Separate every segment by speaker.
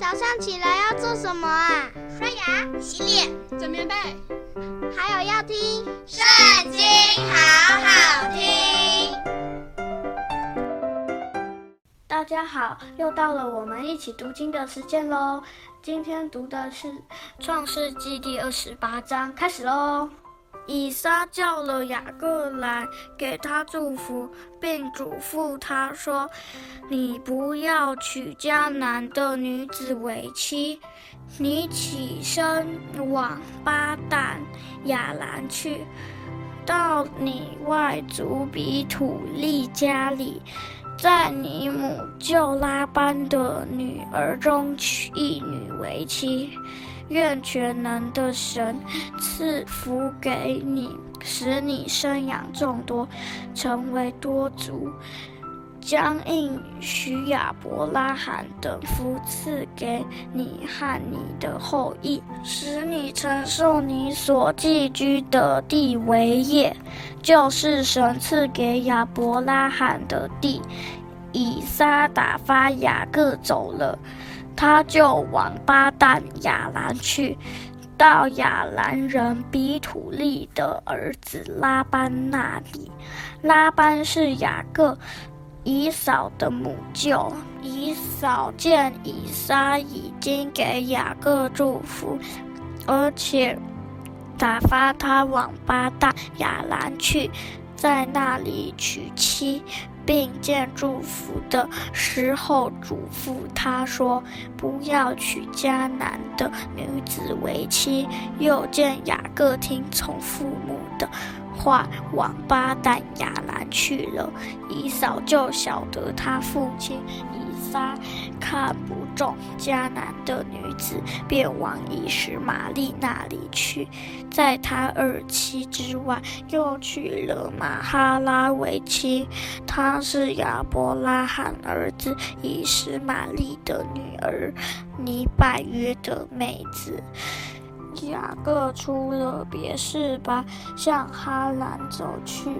Speaker 1: 早上起來要做什麼啊？刷牙、洗臉、整棉被，還有要聽《聖經》，好好聽。大家好，又到了我們一起讀經的時間嘍。今天讀的是《創世紀》第二十八章，開始嘍。以撒叫了雅各來，給他祝福，並囑咐他說：“你不要娶迦南的女子為妻，你起身往巴旦亞蘭去，到你外祖彼土利家裡。”在你母舅拉班的女兒中娶一女為妻，願全能的神賜福給你，使你生養眾多，成為多族，將應許亞伯拉罕的福賜給你和你的後裔，使你承受你所寄居的地為業。就是神賜給亞伯拉罕的地。以撒打發雅各走了，他就往巴旦亞蘭去，到亞蘭人比土利的兒子拉班那裡。拉班是雅各、以掃的母舅。以掃見以撒已經給雅各祝福，而且。打發他往巴旦‧亞蘭去，在那裡娶妻，並見祝福的時候囑咐他說：“不要娶迦南的女子為妻。”又見雅各聽從父母的。話往巴旦亞蘭去了。以掃就曉得他父親以撒看不中迦南的女子，便往以實瑪利那裡去。在他二妻之外，又娶了瑪哈拉為妻，她是亞伯拉罕兒子以實瑪利的女兒，尼拜約的妹子。雅各出了別是巴，向哈蘭走去，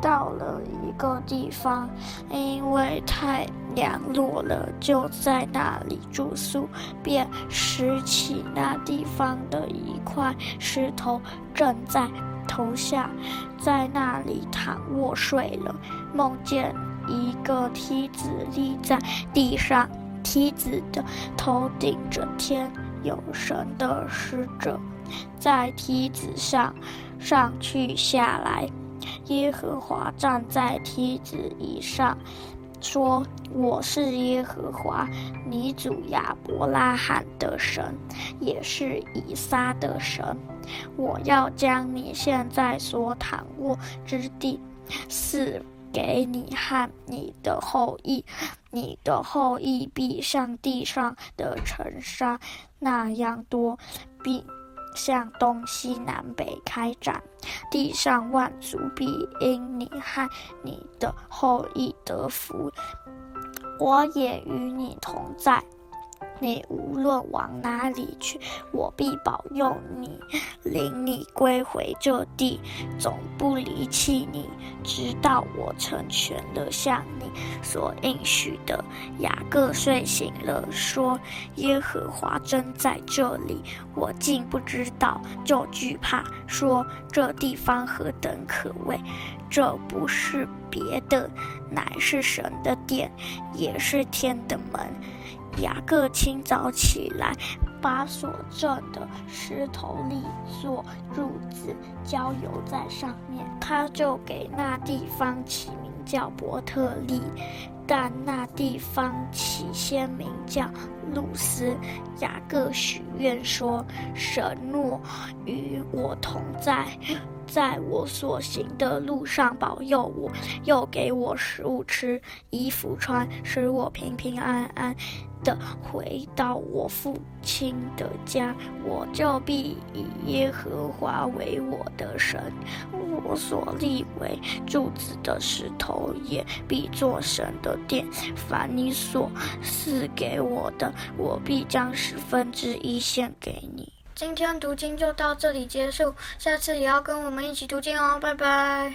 Speaker 1: 到了一個地方，因為太陽落了，就在那裡住宿，便拾起那地方的一塊石頭，枕在頭下，在那裡躺臥睡了，夢見一個梯子立在地上，梯子的頭頂着天。有神的使者在梯子上上去下來。耶和華站在梯子以上，說：“我是耶和華，你祖亞伯拉罕的神，也是以撒的神。我要將你現在所躺臥之地，賜。”給你和你的後裔。你的後裔必像地上的塵沙那樣多，必向東西南北開展，地上萬族必因你和你的後裔得福，我也與你同在。你無論往哪裡去，我必保佑你，領你歸回這地，總不離棄你，直到我成全了向你所應許的。雅各睡醒了，說：耶和華真在這裡，我竟不知道，就懼怕，說這地方何等可畏！這不是別的，乃是神的殿，也是天的門。雅各清早起來，把所枕的石頭立作柱子，澆油在上面。他就給那地方起名叫伯特利，但那地方起先名叫路斯，雅各許願說：“神若與我同在。”在我所行的路上，保佑我，又給我食物吃，衣服穿，使我平平安安的回到我父親的家。我就必以耶和華為我的神，我所立為柱子的石頭也必做神的殿。凡你所賜給我的，我必將十分之一獻給你。今天讀經就到這裡結束，下次也要跟我們一起讀經哦，拜拜。